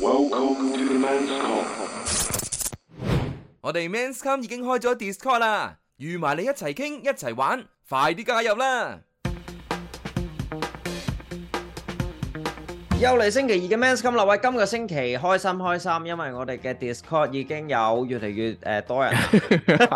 Welcome to the men's come。我哋 men's come 已經開咗 Discord 啦，預埋你一齊傾一齊玩，快啲加入啦！又嚟星期二嘅 men's come 啦，喂，今個星期開心開心，因為我哋嘅 Discord 已經有越嚟越誒多人，咁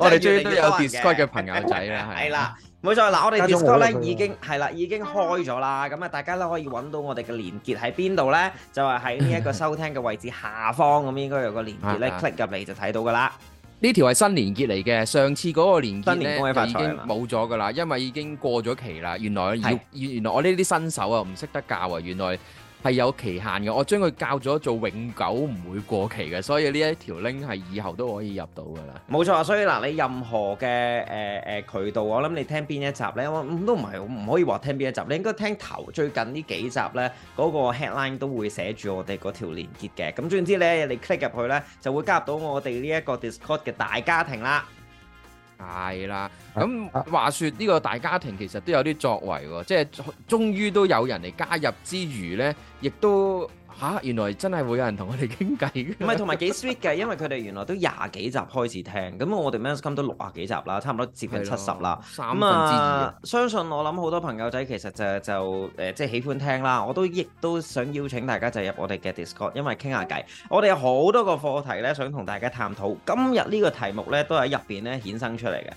我哋終於都有 Discord 嘅朋友仔啦，係啦。冇錯，嗱，我哋 Discord 咧已經係啦，已經開咗啦。咁啊，大家都可以揾到我哋嘅連結喺邊度咧？就係喺呢一個收聽嘅位置下方，咁應該有個連結咧，click 入嚟就睇到噶啦。呢條係新連結嚟嘅，上次嗰個連結咧已經冇咗噶啦，因為已經過咗期啦。原來要，原來我呢啲新手啊，唔識得教啊，原來。係有期限嘅，我將佢教咗做永久唔會過期嘅，所以呢一條 link 係以後都可以入到嘅啦。冇錯，所以嗱，你任何嘅誒誒渠道，我諗你聽邊一集咧、嗯，都唔係唔可以話聽邊一集，你應該聽頭最近呢幾集呢，嗰、嗰個 headline 都會寫住我哋嗰條連結嘅。咁總之咧，你 click 入去呢，就會加入到我哋呢一個 Discord 嘅大家庭啦。係啦，咁話說呢個大家庭其實都有啲作為喎，即係終於都有人嚟加入之餘呢，亦都。嚇、啊！原來真係會有人同我哋傾偈嘅。唔係， 同埋幾 sweet 嘅，因為佢哋原來都廿幾集開始聽，咁我哋 Men's Come 都六啊幾集啦，差唔多接近七十啦。三啊、嗯！相信我諗好多朋友仔其實就就誒，即係喜歡聽啦。我都亦都想邀請大家就入我哋嘅 Discord，因為傾下偈。我哋有好多個課題咧，想同大家探討。今日呢個題目咧，都喺入邊咧衍生出嚟嘅。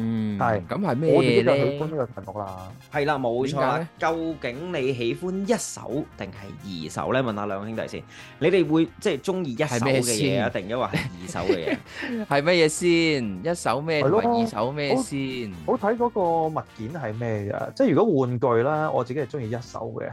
嗯，係是，咁係咩咧？我哋都係去搬出嚟服務啦。係啦，冇 錯。究竟你喜歡一手定係二手咧？問下兩個兄弟先，你哋會即係中意一手嘅嘢啊，定抑或係二手嘅嘢？係咩嘢先？一手咩？咯二手咩先？好睇嗰個物件係咩噶？即係如果玩具啦，我自己係中意一手嘅。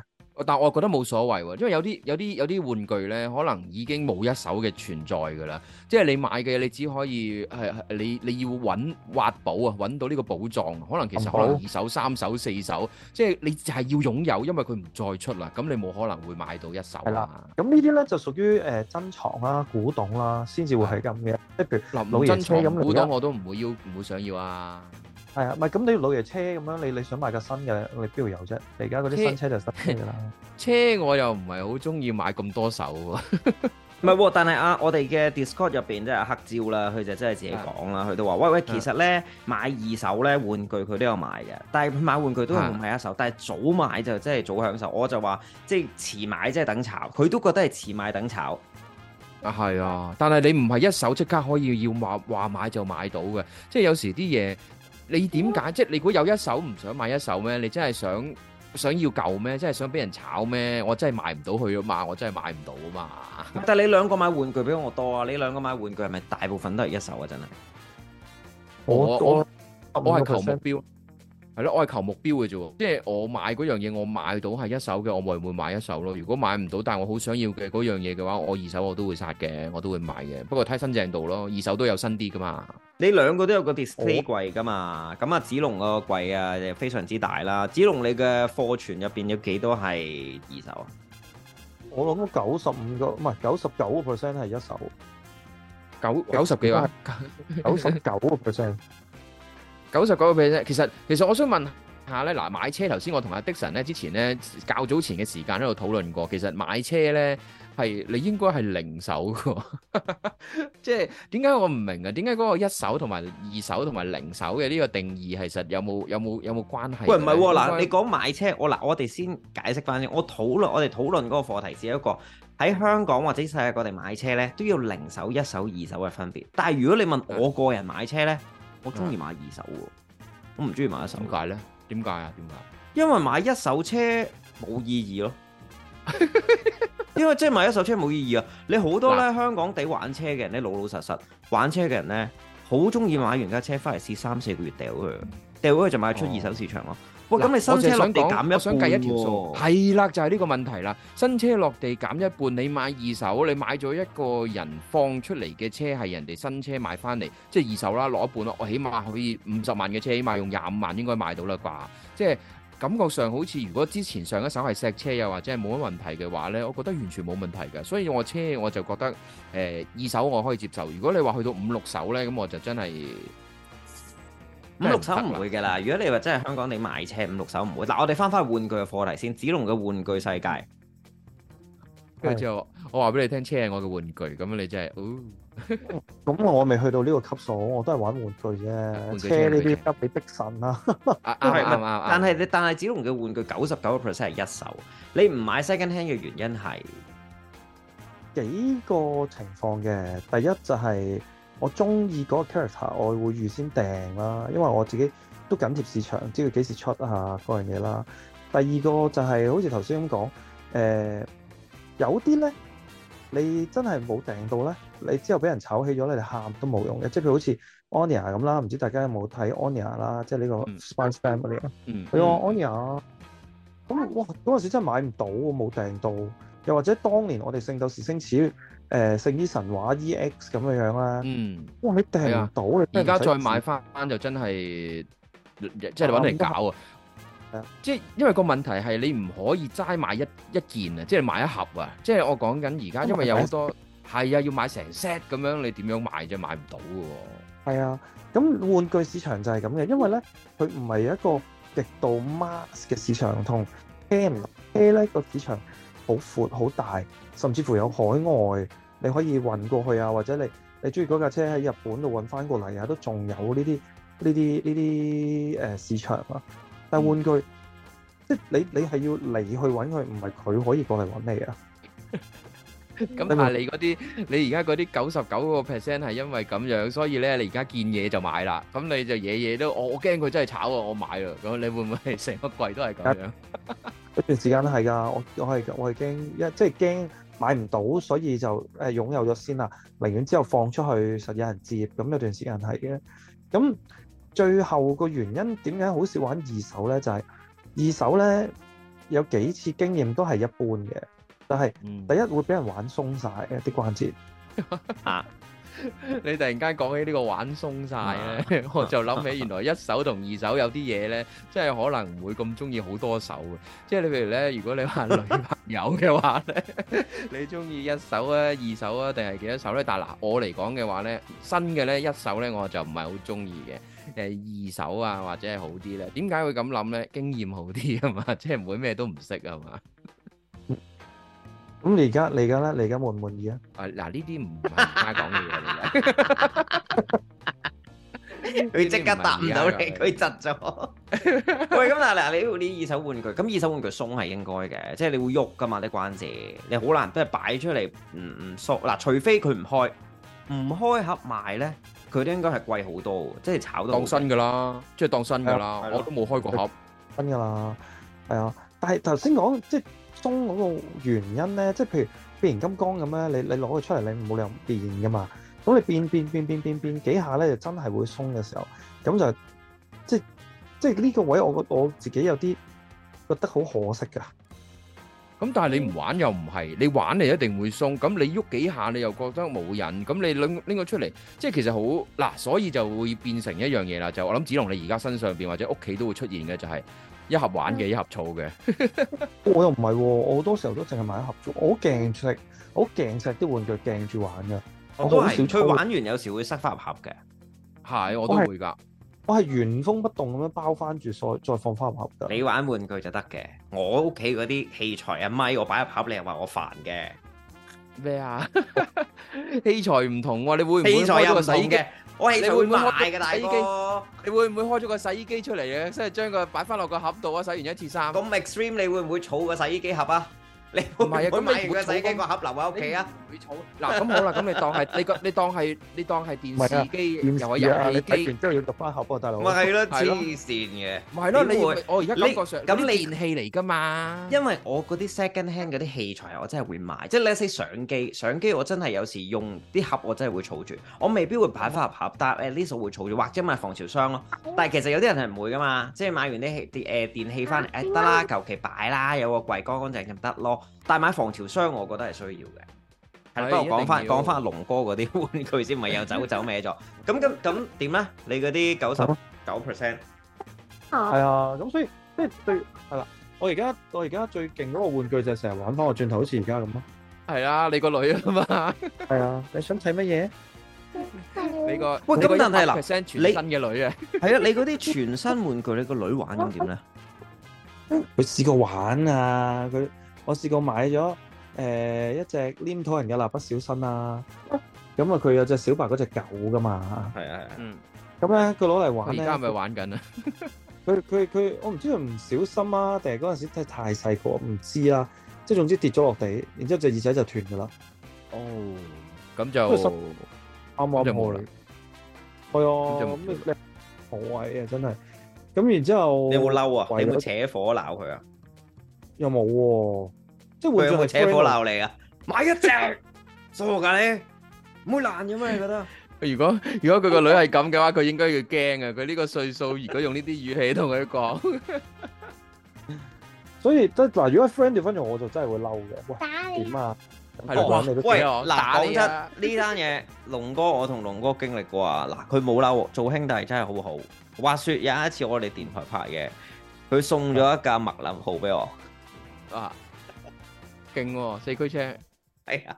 但我覺得冇所謂喎，因為有啲有啲有啲玩具咧，可能已經冇一手嘅存在㗎啦。即係你買嘅你只可以係你你要揾挖寶啊，揾到呢個寶藏，可能其實可能二手、三手、四手，即係你就係要擁有，因為佢唔再出啦，咁你冇可能會買到一手啦。咁呢啲咧就屬於誒、呃、珍藏啦、啊、古董啦、啊，先至會係咁嘅。即係譬如嗱，老嘢、古董我都唔會要，唔會想要啊。係啊，唔係咁你老爺車咁樣你，你你想買架新嘅，你邊度有啫？你而家嗰啲新車就失車啦。車我又唔係好中意買咁多手，唔係喎。但係啊，我哋嘅 Discord 入邊即係黑照啦，佢就真係自己講啦。佢的都話：喂喂，其實咧的買二手咧玩具佢都有買嘅，但係買玩具都係唔係一手。的但係早買就真係早享受。我就話即係遲買即係等炒，佢都覺得係遲買等炒。啊，係啊，但係你唔係一手即刻可以要話話買就買到嘅，即係有時啲嘢。你點解？即係你如果有一手唔想買一手咩？你真係想想要舊咩？真係想俾人炒咩？我真係買唔到佢啊嘛！我真係買唔到啊嘛！但係你兩個買玩具比我多啊！你兩個買玩具係咪大部分都係一手啊？真係，我我我係求目標。係咯，我係求目標嘅啫，即係我買嗰樣嘢，我買到係一手嘅，我咪會買一手咯。如果買唔到，但係我好想要嘅嗰樣嘢嘅話，我二手我都會殺嘅，我都會買嘅。不過睇新淨度咯，二手都有新啲噶嘛。你兩個都有個 display 櫃噶嘛？咁啊，子龍個櫃啊，就非常之大啦。子龍你嘅貨存入邊有幾多係二手啊？我諗九十五個唔係九十九個 percent 係一手，九九十幾啊，九十九個 percent。九十九個 percent，其實其實我想問下咧，嗱買車頭先，我同阿的神咧之前咧較早前嘅時間喺度討論過，其實買車咧係你應該係零手嘅，即係點解我唔明啊？點解嗰個一手同埋二手同埋零手嘅呢個定義，其實有冇有冇有冇關係？喂唔係喎，嗱你講買車，我嗱我哋先解釋翻先，我討論我哋討論嗰個課題，只係一個喺香港或者世界各地買車咧都要零手、一手、二手嘅分別。但係如果你問我個人買車咧？我中意買二手喎，我唔中意買一手。點解咧？點解啊？點解？因為買一手車冇意義咯。 因為即係買一手車冇意義啊！你好多咧香港地玩車嘅人咧，你老老實實玩車嘅人咧，好中意買完架車翻嚟試三四個月掉佢，掉佢就賣出二手市場咯。你新車落地我就係想講，我想計一條數，係啦、哦，就係、是、呢個問題啦。新車落地減一半，你買二手，你買咗一個人放出嚟嘅車，係人哋新車買翻嚟，即係二手啦，攞一半咯。我起碼可以五十萬嘅車，起碼用廿五萬應該買到啦啩。即係感覺上好似如果之前上一手係錫車又或者係冇乜問題嘅話呢，我覺得完全冇問題嘅。所以我車我就覺得誒、呃、二手我可以接受。如果你話去到五六手呢，咁我就真係。五六手唔會嘅啦，如果你話真係香港你買車，五六手唔會。嗱，我哋翻翻玩具嘅課題先，紫龍嘅玩具世界。跟住之後，我話俾你聽，車係我嘅玩具，咁樣你真係，咁我未去到呢個級數，我都係玩玩具啫。車呢啲得你的神啦，但係但係紫龍嘅玩具九十九個 percent 係一手，你唔買西根聽嘅原因係幾個情況嘅，第一就係。我中意嗰個 character，我會預先訂啦、啊，因為我自己都緊貼市場，知佢幾時出啊各樣嘢啦。第二個就係、是、好似頭先咁講，誒、呃、有啲咧，你真係冇訂到咧，你之後俾人炒起咗你哋喊都冇用嘅。即係譬如好似 Anya 咁啦，唔知大家有冇睇 Anya 啦，即係呢個 Spy Family 佢嗯。Anya 咁哇，嗰陣時真係買唔到，冇訂到。又或者當年我哋聖鬥士星矢、誒聖衣神話、E.X. 咁嘅樣啦，嗯，哇，你訂唔到你而家再買翻翻就真係即係揾人搞啊，係啊，即係因為個問題係你唔可以齋買一一件啊，即係買一盒啊，即係我講緊而家，因為有好多係啊，要買成 set 咁樣，你點樣買啫？買唔到嘅喎，係啊，咁玩具市場就係咁嘅，因為咧佢唔係一個極度 mass 嘅市場同 game game 咧個市場。好闊好大，甚至乎有海外，你可以運過去啊，或者你你中意嗰架車喺日本度運翻過嚟啊，都仲有呢啲呢啲呢啲誒市場啊。但換句，即係你你係要嚟去揾佢，唔係佢可以過嚟揾你啊。咁但係你嗰啲，你而家嗰啲九十九個 percent 係因為咁樣，所以咧你而家見嘢就買啦。咁你就嘢嘢都，我我驚佢真係炒啊，我買啊。咁你會唔會係成個櫃都係咁樣？一段時間都係㗎，我我係我係驚一，即係驚買唔到，所以就誒擁有咗先啦。寧願之後放出去實有人接，咁有段時間係嘅。咁最後個原因點解好少玩二手咧？就係二手咧有幾次經驗都係一般嘅，就係第一會俾人玩鬆曬一啲關節啊。你突然間講起呢個玩鬆晒咧，我就諗起原來一手同二手有啲嘢，咧，即係可能唔會咁中意好多手嘅。即係你譬如咧，如果你話女朋友嘅話咧，你中意一手啊、二手啊，定係幾多手咧？但嗱，我嚟講嘅話咧，新嘅咧一手咧我就唔係好中意嘅。誒，二手啊或者係好啲咧？點解會咁諗咧？經驗好啲啊嘛，即係唔會咩都唔識啊嘛。咁你而家你而家咧，你而家滿唔滿意啊？啊嗱，呢啲唔係家講嘅嘢啊。佢即刻答唔到你，佢窒咗。喂，咁嗱嗱，你你二手玩具，咁二手玩具鬆係應該嘅，即係你會喐噶嘛啲關節，你好難都係擺出嚟唔唔鬆。嗱，除非佢唔開，唔開盒賣咧，佢都應該係貴好多，即係炒到當新噶啦，即係當新噶啦。我都冇開過盒，新噶啦，係啊。但係頭先講即係。鬆嗰個原因咧，即係譬如變形金剛咁咧，你你攞佢出嚟，你冇理由唔變噶嘛。咁你變變變變變變幾下咧，就真係會鬆嘅時候，咁就即即係呢個位我覺，我我我自己有啲覺得好可惜噶。咁、嗯、但係你唔玩又唔係，你玩你一定會鬆。咁你喐幾下，你又覺得冇癮。咁你拎拎個出嚟，即係其實好嗱，所以就會變成一樣嘢啦。就我諗子龍，你而家身上邊或者屋企都會出現嘅就係、是。一盒玩嘅，嗯、一盒儲嘅 、哦。我又唔係喎，我好多時候都淨係買一盒儲。我好勁錫，好勁錫啲玩具錫住玩噶。我係吹玩完有時會塞翻入盒嘅，係我都會噶。我係原封不動咁樣包翻住再再放翻入盒。你玩玩具就得嘅？我屋企嗰啲器材麼啊，咪我擺入盒，你又話我煩嘅。咩啊？器材唔同啊，你會唔會唔係咁使嘅？ 我係會賣嘅大哥，你會唔會開咗個, 個洗衣機出嚟咧？即係將個擺翻落個盒度，洗完一次衫。咁 extreme 你會唔會儲個洗衣機盒啊？唔係啊，咁買部洗機個盒留喺屋企啊，唔會儲。嗱咁好啦，咁你當係你個，你當係你當係電視機又話遊戲機。唔係啊，你睇完之後要讀翻盒噃，大佬。咪係咯，黐線嘅。咪係咯，你會我而家講個上嗰啲電器嚟㗎嘛？因為我嗰啲 second hand 嗰啲器材，我真係會買。即係你 let's say 相機，相機我真係有時用啲盒，我真係會儲住。我未必會擺翻入盒，但係呢啲我會儲住，或者買防潮箱咯。但係其實有啲人係唔會㗎嘛，即係買完啲電誒電器翻嚟誒得啦，求其擺啦，有個櫃乾乾淨咁得咯。但係埋防潮箱，我覺得係需要嘅。係，不如講翻講翻龍哥嗰啲玩具先，咪又走走咩咗？咁咁咁點咧？你嗰啲九十九 percent，係啊，咁所以即係對係啦。我而家我而家最勁嗰個玩具就係成日玩翻個轉頭，好似而家咁囉。係啊，你個女啊嘛。係啊，你想睇乜嘢？你個喂咁，但係嗱，send 全身嘅女啊。係啊，你嗰啲全身玩具，你個女玩點咧？佢試過玩啊，佢。我試過買咗誒一隻黏土人嘅蠟筆小新啦，咁啊佢有隻小白嗰隻狗㗎嘛，係啊係啊，咁咧佢攞嚟玩而家咪玩緊啊！佢佢佢，我唔知佢唔小心啊，定係嗰陣時太細個唔知啦，即係總之跌咗落地，然之後隻耳仔就斷㗎啦。哦，咁就啱啱冇啦，係啊，好鬼啊真係！咁然之後，你有冇嬲啊？你有冇扯火鬧佢啊？又冇喎，即係會唔會扯火鬧你呀？買一隻數噶你，唔會爛嘅咩？你覺得？如果如果佢個女係咁嘅話，佢應該要驚啊！佢呢個歲數，如果用呢啲語氣同佢講，所以即嗱，如果 friend 調翻轉，我就真係會嬲嘅。打你點啊？係龍哥喂，嗱講出呢單嘢，龍哥我同龍哥經歷過啊。嗱，佢冇嬲，做兄弟真係好好。話說有一次我哋電台拍嘅，佢送咗一架麥林號俾我。啊，勁喎！四驅車，係啊，哎呀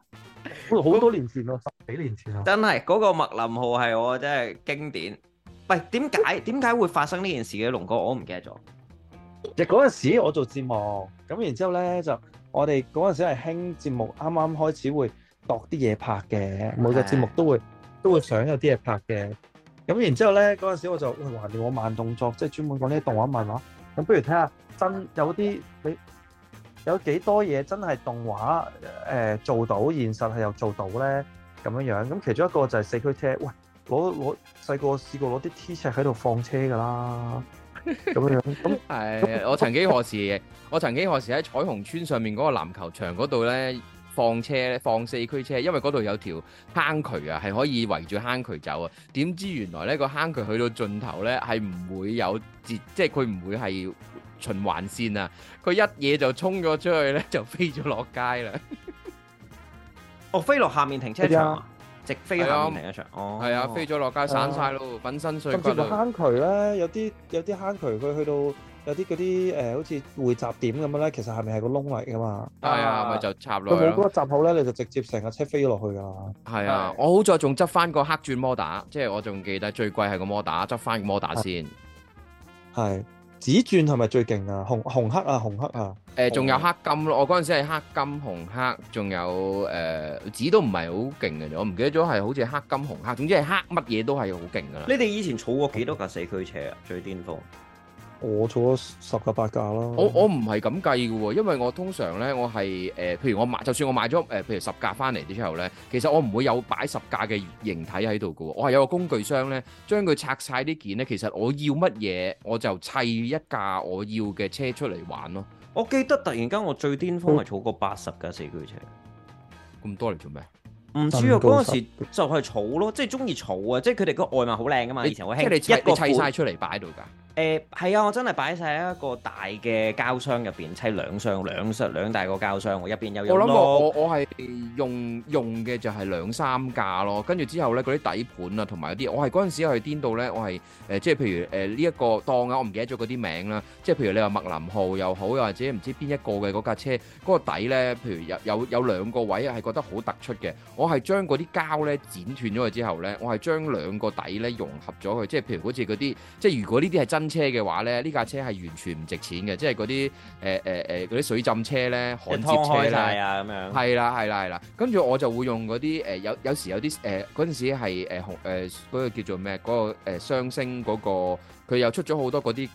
好多年前咯，十幾年前啊，真係嗰個麥林號係我真係經典。喂，點解點解會發生呢件事嘅，龍哥？我唔記得咗。即嗰陣時我做節目，咁然之後咧就我哋嗰陣時係興節目，啱啱開始會度啲嘢拍嘅，每個節目都會都會想有啲嘢拍嘅。咁然之後咧嗰陣時我就，喂，話聊我慢動作，即係專門講啲動畫漫畫。咁不如睇下真有啲你。有幾多嘢真係動畫誒、呃、做到，現實係又做到咧咁樣樣。咁、嗯、其中一個就係四驅車，喂，攞攞細個我試過攞啲 T 恤喺度放車㗎啦，咁樣咁係。我曾幾何時，我曾幾何時喺彩虹村上面嗰個籃球場嗰度咧放車，放四驅車，因為嗰度有條坑渠啊，係可以圍住坑渠走啊。點知原來咧個坑渠去到盡頭咧係唔會有截，即係佢唔會係。循環線啊！佢一嘢就衝咗出去咧，就飛咗落街啦。哦，飛落下面停車場，直飛嘅停車場。哦，係啊，飛咗落街散晒咯，粉身碎骨。咁如果坑渠咧，有啲有啲坑渠，佢去到有啲嗰啲誒，好似匯集點咁樣咧，其實係咪係個窿嚟噶嘛？係啊，咪就插落去。佢冇嗰個閘口咧，你就直接成架車飛落去噶。係啊，我好在仲執翻個黑鑽摩打，即係我仲記得最貴係個摩打，執翻個摩打先。係。紫鑽係咪最勁啊？紅紅黑啊，紅黑啊。誒、呃，仲有黑金咯。我嗰陣時係黑金紅黑，仲有誒、呃，紫都唔係好勁嘅啫。我唔記得咗係好似黑金紅黑，總之係黑乜嘢都係好勁噶啦。你哋以前儲過幾多架四驅車啊？最巔峰。我儲咗十架八架啦。我我唔係咁計嘅，因為我通常咧，我係誒、呃，譬如我買，就算我買咗誒、呃，譬如十架翻嚟之後咧，其實我唔會有擺十架嘅形體喺度嘅。我係有個工具箱咧，將佢拆晒啲件咧。其實我要乜嘢，我就砌一架我要嘅車出嚟玩咯。我記得突然間我最巔峰係儲過八十架四驅車，咁多嚟做咩？唔知啊，嗰陣高時就係儲咯，即係中意儲啊，即係佢哋個外貌好靚噶嘛，以前好興，一個砌晒出嚟擺喺度噶。誒係啊！我真係擺曬喺一個大嘅膠箱入邊，砌兩箱、兩箱、兩大個膠箱喎。入邊，有有我諗過，我我係用用嘅就係兩三架咯。跟住之後咧，嗰啲底盤啊，同埋嗰啲，我係嗰陣時去邊度咧？我係誒，即係譬如誒呢一個檔啊，我唔記得咗嗰啲名啦。即係譬如你話麥林號又好，又或者唔知邊一個嘅嗰架車嗰個底咧，譬如有有有兩個位係覺得好突出嘅，我係將嗰啲膠咧剪斷咗佢之後咧，我係將兩個底咧融合咗佢。即係譬如好似嗰啲，即係如果呢啲係真車嘅話咧，呢架車係完全唔值錢嘅，即係嗰啲誒誒誒啲水浸車咧，焊接車啦，係啦係啦係啦，跟住我就會用嗰啲誒有有時有啲誒嗰陣時係誒紅誒嗰個叫做咩嗰個誒雙星嗰個，佢、呃那個、又出咗好多嗰啲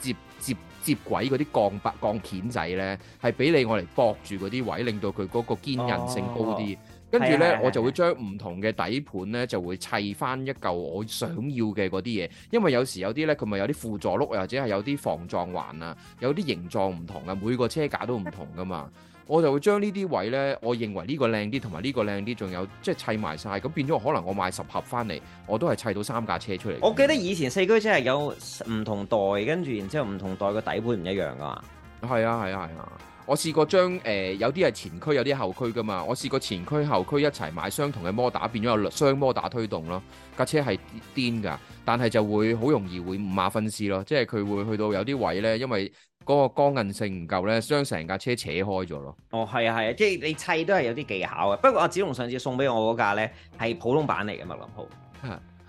接接接軌啲鋼拔鋼片仔咧，係俾你我嚟駁住嗰啲位，令到佢嗰個堅韌性高啲。哦跟住呢，我就會將唔同嘅底盤呢就會砌翻一嚿我想要嘅嗰啲嘢。因為有時有啲呢，佢咪有啲輔助轆，或者係有啲防撞環啊，有啲形狀唔同啊，每個車架都唔同噶嘛。我就會將呢啲位呢，我認為呢個靚啲，同埋呢個靚啲，仲有即係砌埋晒。咁變咗可能我買十盒翻嚟，我都係砌到三架車出嚟。我記得以前四驅車係有唔同代，跟住然之後唔同代個底盤唔一樣噶。係啊，係啊，係啊。我試過將誒有啲係前驅，有啲後驅噶嘛。我試過前驅後驅一齊買相同嘅摩打，變咗有雙摩打推動咯。架車係癲㗎，但係就會好容易會五馬分屍咯。即係佢會去到有啲位咧，因為嗰個光韌性唔夠咧，將成架車扯開咗咯。哦，係啊，係啊，即係你砌都係有啲技巧嘅。不過阿紫龍上次送俾我嗰架咧係普通版嚟嘅麥林炮。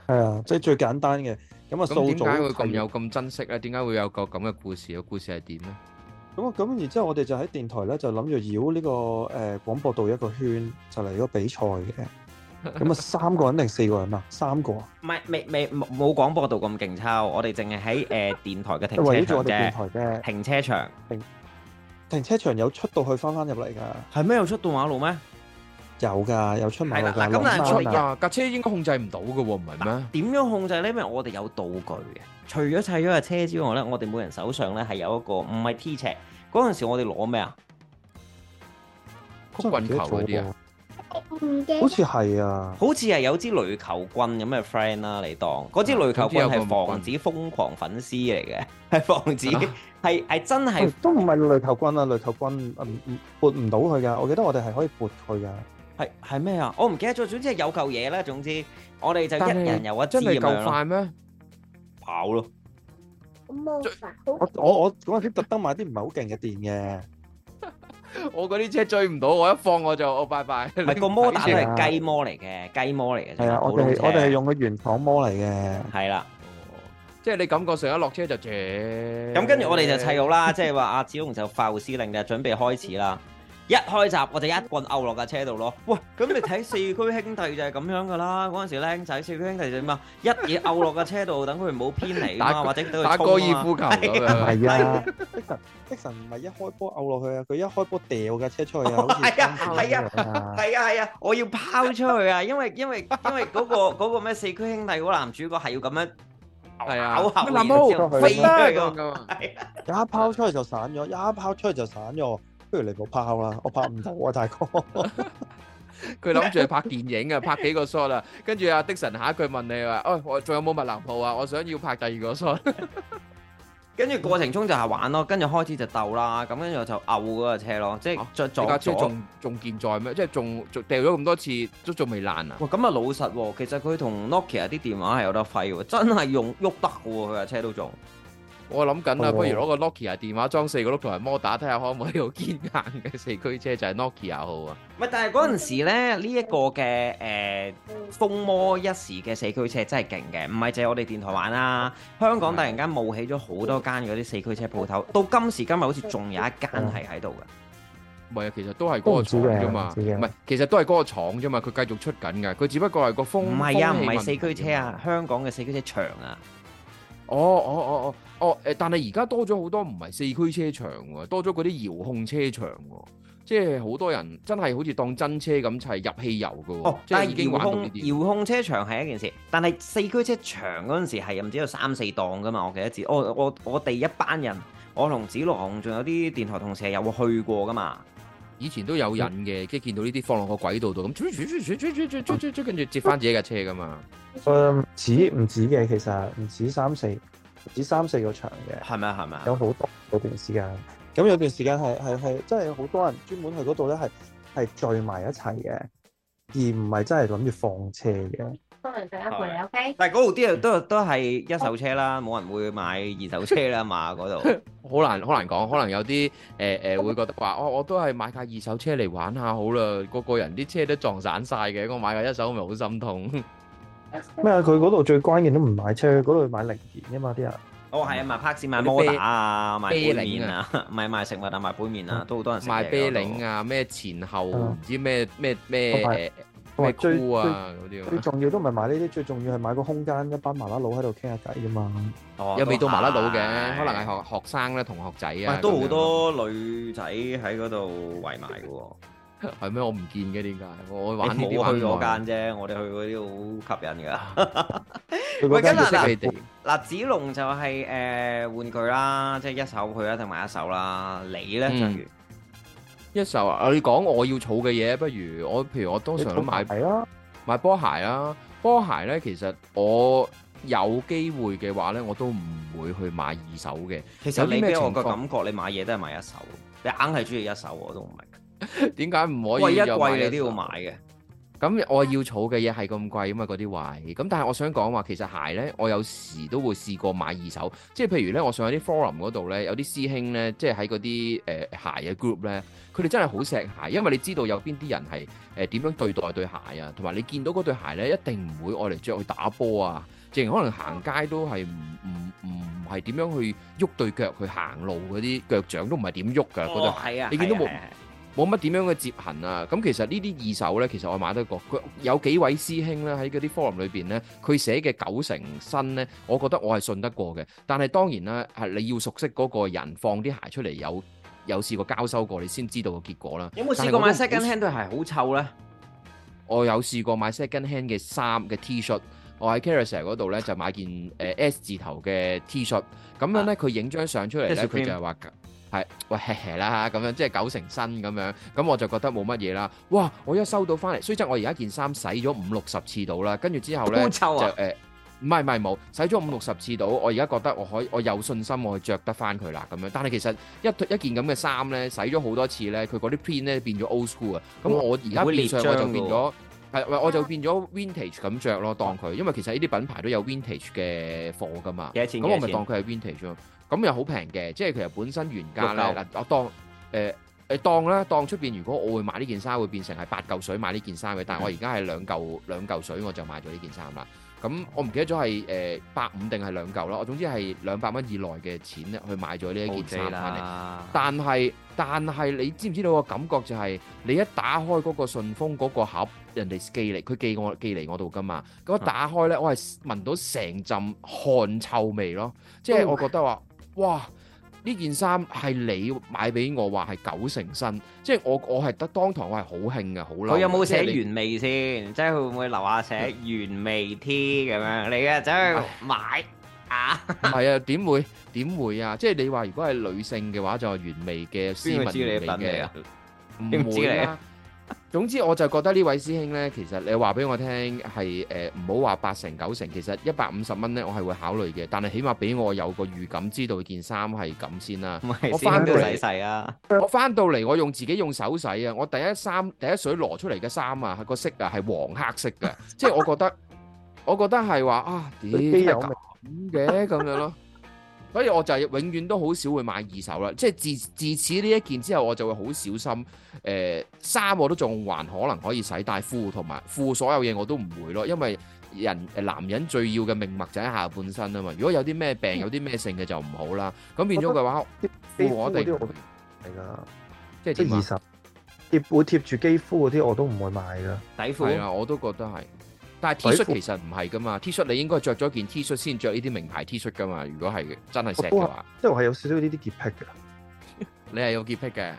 係啊，即係最簡單嘅。咁啊，點解會咁有咁珍惜咧？點解會有個咁嘅故事？個故事係點咧？咁啊，咁然之後，我哋就喺電台咧，就諗住繞呢個誒廣播道一個圈，就嚟咗個比賽嘅。咁啊，三個人定四個人啊？三個啊？唔係，未未冇廣播道咁勁抽，我哋淨係喺誒電台嘅停車場啫。停車場，停車場有出到去翻翻入嚟㗎？係咩？有出到馬路咩？有噶，有出埋。係啦，咁但係出架車應該控制唔到噶喎，唔係咩？點樣控制咧？因為我哋有道具嘅。除咗砌咗架車之外咧，我哋每人手上咧係有一個唔係披尺。嗰陣時我哋攞咩啊？曲棍球嗰啲啊？好似係啊，好似係有支壘球棍咁嘅 friend 啦嚟當。嗰支壘球棍係防止瘋狂粉絲嚟嘅，係防止。係，係真係都唔係壘球棍啊！壘球棍撥唔到佢噶，我記得我哋係可以撥佢噶。係係咩啊？我唔記得咗，總之係有嚿嘢啦。總之我哋就一人有一支咁樣咯。真係夠快咩？跑咯！咁啊，我我我嗰陣時特登買啲唔係好勁嘅電嘅。我嗰啲車追唔到，我一放我就，我拜拜。唔係個摩打係雞摩嚟嘅，雞摩嚟嘅。係啊，我用我哋係用個原廠摩嚟嘅。係啦，即係你感覺上一落車就轉。咁跟住我哋就砌好啦，即係話阿紫龍就發號司令嘅，準備開始啦。一開閘我就一棍拗落架車度咯，喂，咁你睇四驅兄弟就係咁樣噶啦，嗰陣時僆仔四驅兄弟就點啊？一嘢拗落架車度，等佢唔好偏離啊，或者等佢衝啊！打高爾夫球啊，係啊！的神，的神唔係一開波拗落去啊，佢一開波掉架車出去啊！係啊，係啊，係啊，係啊！我要拋出去啊，因為因為因為嗰個咩四驅兄弟嗰個男主角係要咁樣拗一吓飛，一拋出去就散咗，一拋出去就散咗。不如你部拍下啦，我拍唔到啊大哥。佢諗住去拍電影啊，拍幾個 shot 啦。跟住阿的神下一句問你話，哦，我仲有冇麥當勞啊？我想要拍第二個 shot。跟住過程中就係玩咯，跟住開始就鬥啦。咁跟住我就嘔嗰個車咯，即係再撞。架車仲仲健在咩？即係仲仲掉咗咁多次，都仲未爛啊！哇，咁啊老實喎，其實佢同 Nokia 啲電話係有得揮喎，真係用喐得喎。佢架車都仲。我諗緊啦，不如攞個 Nokia 電話裝四個轆同埋摩打，睇下可唔可以好堅硬嘅四驅車就係 Nokia 好啊。唔係，但係嗰陣時咧，呢一個嘅誒風魔一時嘅四驅車真係勁嘅，唔係淨係我哋電台玩啦。香港突然間冒起咗好多間嗰啲四驅車鋪頭，到今時今日好似仲有一間係喺度噶。唔係啊，其實都係嗰個廠啫嘛，唔係，其實都係嗰個廠啫嘛，佢繼續出緊噶，佢只不過係個風，唔係啊，唔係四驅車啊，香港嘅四驅車場啊。哦哦哦哦哦誒！但係而家多咗好多唔係四驅車場喎，多咗嗰啲遙控車場喎，即係好多人真係好似當真車咁砌、就係、入汽油噶喎，即係、哦、已經玩遙控車場係一件事，但係四驅車場嗰陣時係唔知有三四檔噶嘛，我記得字。我我我哋一班人，我同紫龍仲有啲電台同事有去過噶嘛。以前都有癮嘅，即係見到呢啲放落個軌道度咁，跟住接返自己架車㗎嘛。誒，止唔止嘅，其實唔止三四，唔止三四個場嘅。係咪啊？係咪啊？有好多段時間，咁有段時間係係係，真係好多人專門去嗰度咧，係係聚埋一齊嘅，而唔係真係諗住放車嘅。係，但係嗰度啲啊都都係一手車啦，冇人會買二手車啦嘛。嗰度好難好難講，可能有啲誒誒會覺得話，我我都係買架二手車嚟玩下好啦。個個人啲車都撞散晒嘅，我買架一手咪好心痛。咩啊？佢嗰度最關鍵都唔買車，嗰度買零件啊嘛啲人。哦，係啊，買 parts，買 model 啊，買杯麵啊，賣賣食物啊，賣杯麵啊，都好多人。賣杯領啊，咩前後唔知咩咩咩誒。最最重要都唔係買呢啲，最重要係買個空間，一班麻甩佬喺度傾下偈啫嘛。哦，又未到麻甩佬嘅，可能係學學生咧、同學仔啊。都好多女仔喺嗰度圍埋嘅。係咩？我唔見嘅，點解？我玩冇去嗰間啫，我哋去嗰啲好吸引㗎。喂，咁啊嗱嗱，紫龍就係誒玩具啦，即係一手去，一定買一手啦。你咧章魚？一手，我你講我要儲嘅嘢，不如我，譬如我當常都買，係咯，買波鞋啦。波鞋咧，其實我有機會嘅話咧，我都唔會去買二手嘅。其實你俾我個感覺，你買嘢都係買一手，你硬係鍾意一手，我都唔明。點解唔可以買一？一季你都要買嘅。咁我要儲嘅嘢係咁貴啊嘛，嗰啲位。咁但係我想講話，其實鞋咧，我有時都會試過買二手。即係譬如咧，我上喺啲 forum 嗰度咧，有啲師兄咧，即係喺嗰啲誒鞋嘅 group 咧，佢哋真係好錫鞋，因為你知道有邊啲人係誒點樣對待對鞋啊，同埋你見到嗰對鞋咧，一定唔會愛嚟着去打波啊，甚至可能行街都係唔唔唔係點樣去喐對腳去行路嗰啲腳掌都唔係點喐㗎嗰對鞋，你見到冇？對冇乜點樣嘅折痕啊！咁其實呢啲二手咧，其實我買得過。佢有幾位師兄咧喺嗰啲 forum 裏邊咧，佢寫嘅九成新咧，我覺得我係信得過嘅。但係當然啦，係你要熟悉嗰個人放啲鞋出嚟，有有試過交收過，你先知道個結果啦。有冇試過買 second hand 對鞋好臭咧？我有試過買 second hand 嘅衫嘅 T 恤，shirt，我喺 Carousell 嗰度咧就買件誒 S 字頭嘅 T 恤，咁樣咧佢影張相出嚟咧，佢、啊、就係話。Uh, 係喂啦吓，咁樣即係九成新咁樣，咁我就覺得冇乜嘢啦。哇！我一收到翻嚟，雖則我而家件衫洗咗五六十次到啦，跟住之後咧、啊、就誒，唔係唔係冇洗咗五六十次到，我而家覺得我可以，我有信心我可以着得翻佢啦咁樣。但係其實一一件咁嘅衫咧，洗咗好多次咧，佢嗰啲 pin 咧變咗 old school 啊、哦。咁我而家變相我就變咗係，我就變咗 vintage 咁着咯，當佢，因為其實呢啲品牌都有 vintage 嘅貨噶嘛。咁我咪當佢係 vintage 咯。咁又好平嘅，即係其實本身原價啦。嗱元我當誒誒當啦，當出邊如果我會買呢件衫，會變成係八嚿水買呢件衫嘅。但係我而家係兩嚿兩嚿水，我就買咗呢件衫啦。咁我唔記得咗係誒百五定係兩嚿啦。我總之係兩百蚊以內嘅錢去買咗呢件衫翻嚟、okay、了但係但係你知唔知道個感覺就係你一打開嗰個順豐嗰個盒，人哋寄嚟，佢寄我寄嚟我度㗎嘛？咁一打開咧，我係聞到成陣汗臭味咯，即係我覺得話。哇！呢件衫係你買俾我，我，話係九成新，即係我我係得當堂我係好興嘅，好嬲。佢有冇寫原味，原味先？即係佢會唔會留下寫原味貼咁、嗯、樣？你嘅、啊、走去買唉啊！係 啊，點會點會啊？即係你話如果係女性嘅話，就係、是、原味嘅絲襪嚟嘅，唔會啊。 總之我就覺得呢位師兄呢，其實你話俾我聽係誒，唔好話八成九成，其實一百五十蚊呢，我係會考慮嘅。但係起碼俾我有個預感，知道件衫係咁先啦。是我翻到嚟啊！我翻到嚟我用自己用手洗啊！我第一衫第一水攞出嚟嘅衫啊，個色啊係黃黑色嘅， 即係我覺得我覺得係話啊，點解又咁嘅咁樣咯。所以我就永遠都好少會買二手啦，即係自自此呢一件之後，我就會好小心。誒衫我都仲還可能可以洗帶，但係褲同埋褲所有嘢我都唔會咯，因為人誒男人最要嘅命脈就喺下半身啊嘛。如果有啲咩病，嗯、有啲咩性嘅就唔好啦。咁變咗嘅話，我哋係㗎，即係貼。二十貼會貼住肌膚嗰啲我都唔會買㗎。底褲啊，我都覺得係。但係 T 恤其實唔係噶嘛，T 恤你應該着咗件 T 恤先着呢啲名牌 T 恤噶嘛，如果係真係錫嘅話，即係我係有少少呢啲潔癖嘅， 你係有潔癖嘅，呢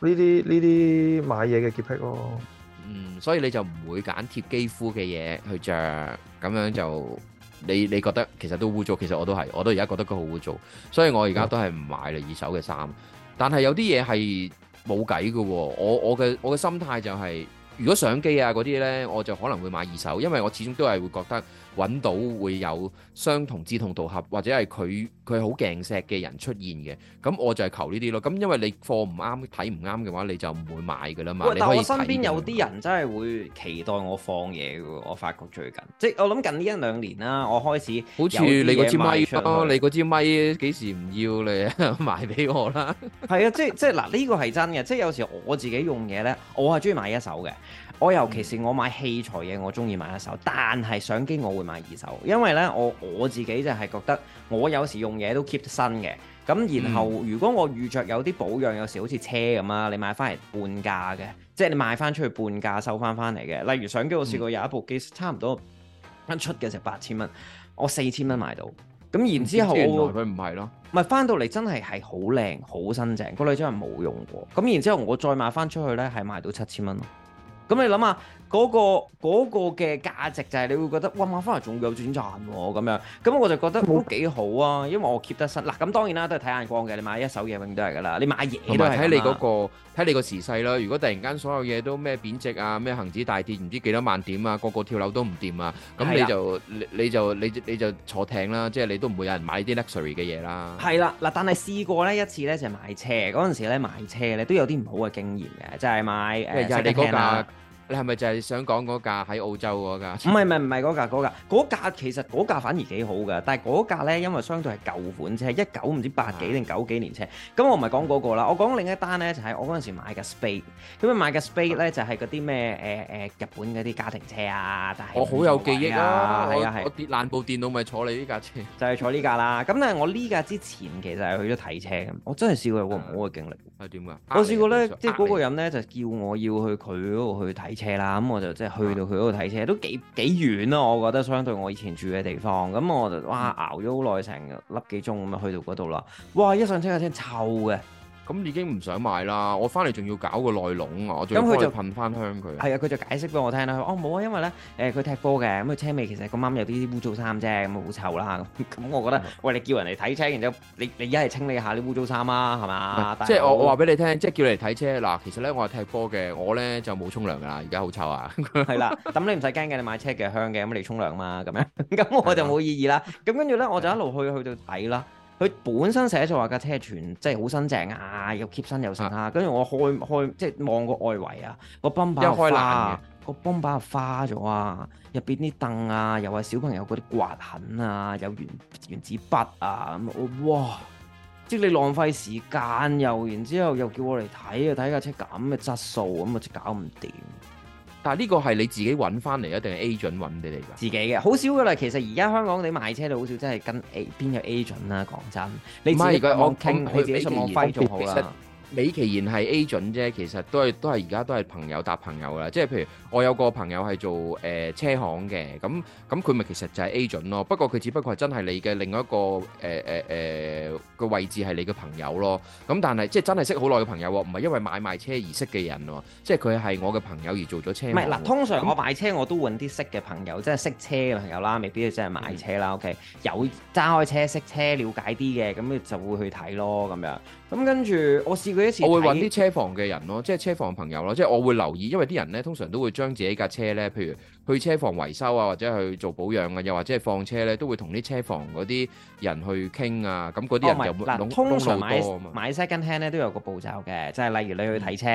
啲呢啲買嘢嘅潔癖咯、哦，嗯，所以你就唔會揀貼肌膚嘅嘢去着，咁樣就你你覺得其實都污糟，其實我都係，我都而家覺得佢好污糟，所以我而家都係唔買啦二手嘅衫，但係有啲嘢係冇計噶，我我嘅我嘅心態就係、是。如果相機啊嗰啲呢，我就可能會買二手，因為我始終都係會覺得揾到會有相同志同道合或者係佢佢好勁錫嘅人出現嘅，咁我就係求呢啲咯。咁因為你貨唔啱睇唔啱嘅話，你就唔會買㗎啦嘛。喂你可但我身邊的有啲人真係會期待我放嘢嘅，我發覺最近即係我諗近呢一兩年啦、啊，我開始好似你嗰支咪、啊，你嗰支咪，幾時唔要你賣、啊、俾 我啦？係 啊，即係即係嗱，呢個係真嘅。即係、這個、有時我自己用嘢呢，我係中意買一手嘅。我尤其是我買器材嘢，我中意買一手，但係相機我會買二手，因為呢，我我自己就係覺得我有時用嘢都 keep 得新嘅。咁然後、嗯、如果我遇着有啲保養，有時好似車咁啊，你買翻嚟半價嘅，即係你賣翻出去半價收翻翻嚟嘅。例如相機，我試過有一部機差唔多出嘅成八千蚊，我四千蚊買到。咁然之後我，原來佢唔係咯，咪翻到嚟真係係好靚好新淨，個女真係冇用過。咁然之後我再賣翻出去呢，係賣到七千蚊咯。咁你諗下，嗰個嗰個嘅價值就係你會覺得哇買翻嚟仲有轉賺喎咁樣，咁我就覺得都幾好啊，因為我 keep 得實。嗱咁當然啦，都係睇眼光嘅，你買一手嘢永遠都係㗎啦，你買嘢都係睇你嗰個睇你個時勢啦。如果突然間所有嘢都咩貶值啊，咩恆指大跌唔知幾多萬點啊，個個跳樓都唔掂啊，咁你就你你就你你就坐艇啦，即係你都唔會有人買啲 luxury 嘅嘢啦。係啦，嗱但係試過咧一次咧就係買車，嗰陣時咧買車咧都有啲唔好嘅經驗嘅，就係買誒即係你嗰架。你係咪就係想講嗰架喺澳洲嗰架？唔係唔係唔係嗰架嗰架架，其實嗰架反而幾好㗎。但係嗰架咧，因為相對係舊款車，一九唔知八幾定九幾年車。咁、啊、我唔係講嗰個啦，我講另一單咧，就係、是、我嗰陣時買嘅 Spade。咁啊買嘅 Spade 咧，就係嗰啲咩誒誒日本嗰啲家庭車啊。但係、啊、我好有記憶啊！係啊係，跌爛部電腦咪坐你呢架車， 就係坐呢架啦。咁但係我呢架之前其實係去咗睇車，咁我真係試過有個唔好嘅經歷。係點噶？我試過咧，即係嗰個人咧，就叫我要去佢嗰度去睇車啦。咁我就即係去到佢嗰度睇車，都幾幾遠啦、啊。我覺得相對我以前住嘅地方，咁我就哇熬咗好耐成粒幾鐘咁啊，去到嗰度啦。哇！一上車嘅車臭嘅。咁已經唔想買啦，我翻嚟仲要搞個內籠啊！我仲要噴翻香佢。係啊，佢就解釋俾我聽啦。哦，冇啊，因為咧，誒佢踢波嘅，咁佢車尾其實咁啱有啲污糟衫啫，咁好臭啦。咁我覺得，喂，你叫人嚟睇車，然之後你你而家係清理下啲污糟衫啊，係嘛？即係我我話俾你聽，即係叫你嚟睇車嗱，其實咧我係踢波嘅，我咧就冇沖涼噶啦，而家好臭啊。係啦，咁你唔使驚嘅，你買車嘅香嘅，咁你沖涼嘛，咁樣，咁我就冇意義啦。咁跟住咧，我就一路去去到底啦。佢本身寫咗話架車全即係好新淨啊，又 keep 新又剩啊。跟住、啊、我開開即係望個外圍啊，個泵板 m 一開爛嘅，個泵板又花咗啊。入邊啲凳啊，又係小朋友嗰啲刮痕啊，有原原子筆啊咁。哇！即你浪費時間又，然之後又叫我嚟睇啊，睇架車咁嘅質素，咁我就搞唔掂。但係呢個係你自己揾翻嚟啊，定係 agent 揾你嚟㗎？自己嘅好少㗎啦，其實而家香港你賣車都好少，真係跟 A 邊個 agent 啦、啊，講真，你唔係而家我傾，佢自己上網費仲好啦。美其言係 agent 準啫，其實都係都係而家都係朋友搭朋友啦。即係譬如我有個朋友係做誒、呃、車行嘅，咁咁佢咪其實就係 agent 準咯。不過佢只不過係真係你嘅另外一個誒誒誒個位置係你嘅朋友咯。咁但係即係真係識好耐嘅朋友喎，唔係因為買賣車而識嘅人喎。即係佢係我嘅朋友而做咗車。唔係嗱，通常我買車我都揾啲識嘅朋友，嗯、即係識車嘅朋友啦，未必係真係買車啦。嗯、o、okay、K，有揸開車識車、了解啲嘅，咁就會去睇咯，咁樣。咁跟住，我試過一次，我會搵啲車房嘅人咯，即係車房嘅朋友咯，即係我會留意，因為啲人呢通常都會將自己架車呢，譬如。去車房維修啊，或者去做保養啊，又或者係放車咧，都會同啲車房嗰啲人去傾啊。咁嗰啲人又攞攞路多啊嘛。買 second hand 咧都有個步驟嘅，即係例如你去睇車，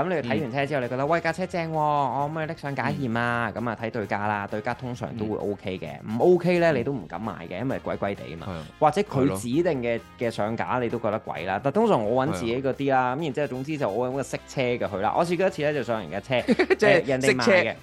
咁你去睇完車之後，你覺得喂架車正，我可唔可以拎上架驗啊？咁啊睇對價啦，對價通常都會 OK 嘅，唔 OK 咧你都唔敢買嘅，因為鬼鬼哋啊嘛。或者佢指定嘅嘅上架你都覺得鬼啦。但通常我揾自己嗰啲啦，咁然之後總之就我揾個識車嘅去啦。我試過一次咧，就上人家車，即係識車嘅。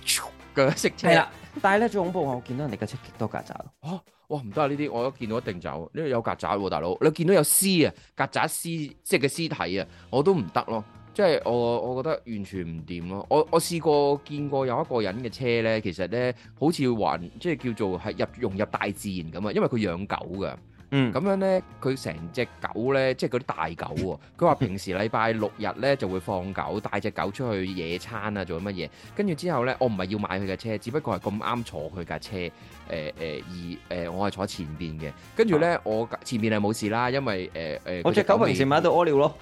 腳色車啦，但係咧最恐怖啊！我見到人哋架車極多曱甴咯，嚇、哦、哇唔得啊！呢啲我一見到一定走，呢度有曱甴喎，大佬你見到有屍啊，曱甴屍即係嘅屍體啊，我都唔得咯，即係我我覺得完全唔掂咯。我我試過見過有一個人嘅車咧，其實咧好似還即係叫做係入融入大自然咁啊，因為佢養狗㗎。嗯，咁樣咧，佢成隻狗咧，即係嗰啲大狗喎。佢話平時禮拜六日咧就會放狗，帶隻狗出去野餐啊，做乜嘢？跟住之後咧，我唔係要買佢嘅車，只不過係咁啱坐佢架車。誒、呃、誒，而、呃、誒、呃呃、我係坐前邊嘅。跟住咧，啊、我前邊係冇事啦，因為誒誒。呃、我隻狗平時買到屙尿咯。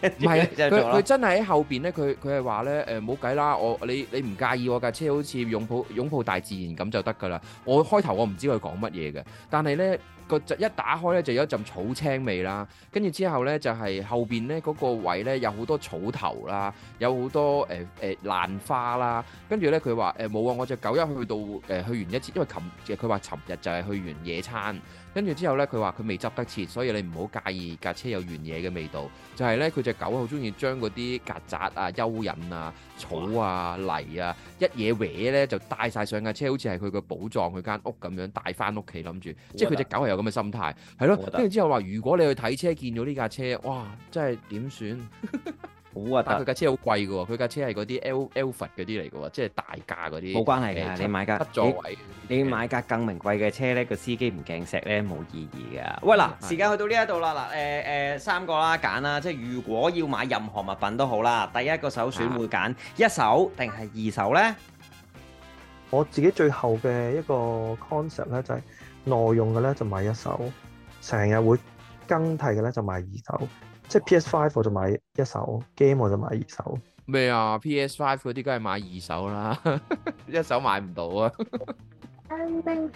唔係，佢佢真係喺後邊咧，佢佢係話呢，誒冇計啦，我你你唔介意我架車好似擁抱擁抱大自然咁就得㗎啦。我開頭我唔知佢講乜嘢嘅，但係呢，個一打開呢，就有一陣草青味啦，跟住之後呢，就係、是、後邊呢嗰個位呢，有好多草頭啦，有好多誒誒蘭花啦，跟住呢，佢話誒冇啊，我隻狗一去到誒、呃、去完一次，因為琴佢話尋日就係去完野餐。跟住之後呢，佢話佢未執得切，所以你唔好介意架車有原野嘅味道。就係呢，佢隻狗好中意將嗰啲曱甴啊、蚯蚓啊、草啊、泥啊一嘢搲呢，就帶晒上架車，好似係佢個寶藏，佢間屋咁樣帶翻屋企，諗住。即係佢隻狗係有咁嘅心態，係咯。跟住了之後話，如果你去睇車見到呢架車，哇！真係點算？ 好啊，但係佢架車好貴噶喎，佢架車係嗰啲 Alphard 嗰啲嚟噶喎，即係大架嗰啲。冇關係啊，你買架不作為。你買架更名貴嘅車咧，個司機唔鏡石咧，冇意義噶。喂嗱，時間去到呢一度啦，嗱誒誒，三個啦揀啦，即係如果要買任何物品都好啦，第一個首選會揀一手定係二手咧？我自己最後嘅一個 concept 咧，就係耐用嘅咧就買一手，成日會更替嘅咧就買二手。.即係 PS Five，我就買一手；game 我就買二手。咩啊？PS Five 嗰啲梗係買二手啦， 一手買唔到啊、um, thank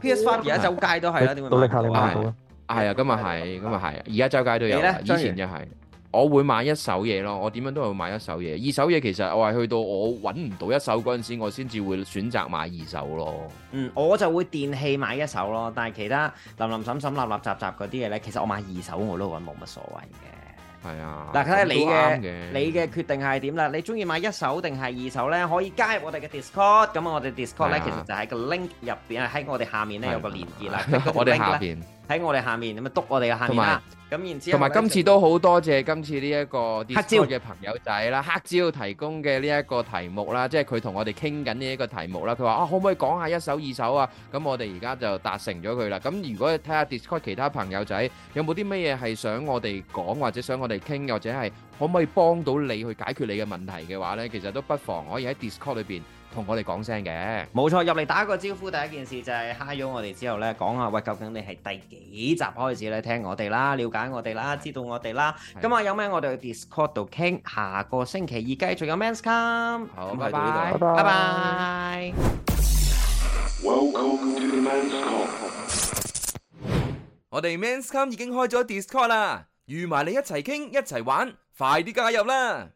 ！PS Five 而家周街都係啦，點會到你買唔到啊！係啊，啊，今日係，今日係，而家周街都有。你呢？以前就係、是。 我會買一手嘢咯，我點樣都係會買一手嘢。二手嘢其實我係去到我揾唔到一手嗰陣時，我先至會選擇買二手咯。嗯，我就會電器買一手咯，但係其他林林沈沈、立立雜雜嗰啲嘢呢，其實我買二手我都覺得冇乜所謂嘅。係啊，嗱，睇下你嘅你嘅決定係點啦。你中意買一手定係二手呢？可以加入我哋嘅 Discord，咁我哋 Discord 呢，啊、其實就喺個 link 入邊，喺我哋下面呢、啊、有個鏈接啦。我哋下邊。喺我哋下面，咁咪督我哋嘅下面咁，然之後，同埋今次都好多謝今次呢一個 Discord 嘅朋友仔啦，黑椒提供嘅呢一個題目啦，即係佢同我哋傾緊呢一個題目啦。佢話啊，可唔可以講下一手二手啊？咁我哋而家就達成咗佢啦。咁如果睇下 Discord 其他朋友仔有冇啲咩嘢係想我哋講或者想我哋傾，又或者係可唔可以幫到你去解決你嘅問題嘅話咧，其實都不妨可以喺 Discord 裏邊，同我哋講聲嘅，冇錯，入嚟打個招呼，第一件事就係嗨咗我哋之後咧，講下喂，究竟你係第幾集開始咧聽我哋啦，了解我哋啦，知道我哋啦。咁啊的，有咩我哋去 Discord 度傾，下個星期二繼續有 Men's Come，好，嗯、拜拜，拜拜，Welcome to the Men's Come。我哋 Men's Come 已經開咗 Discord 啦，預埋你一齊傾，一齊玩，快啲加入啦！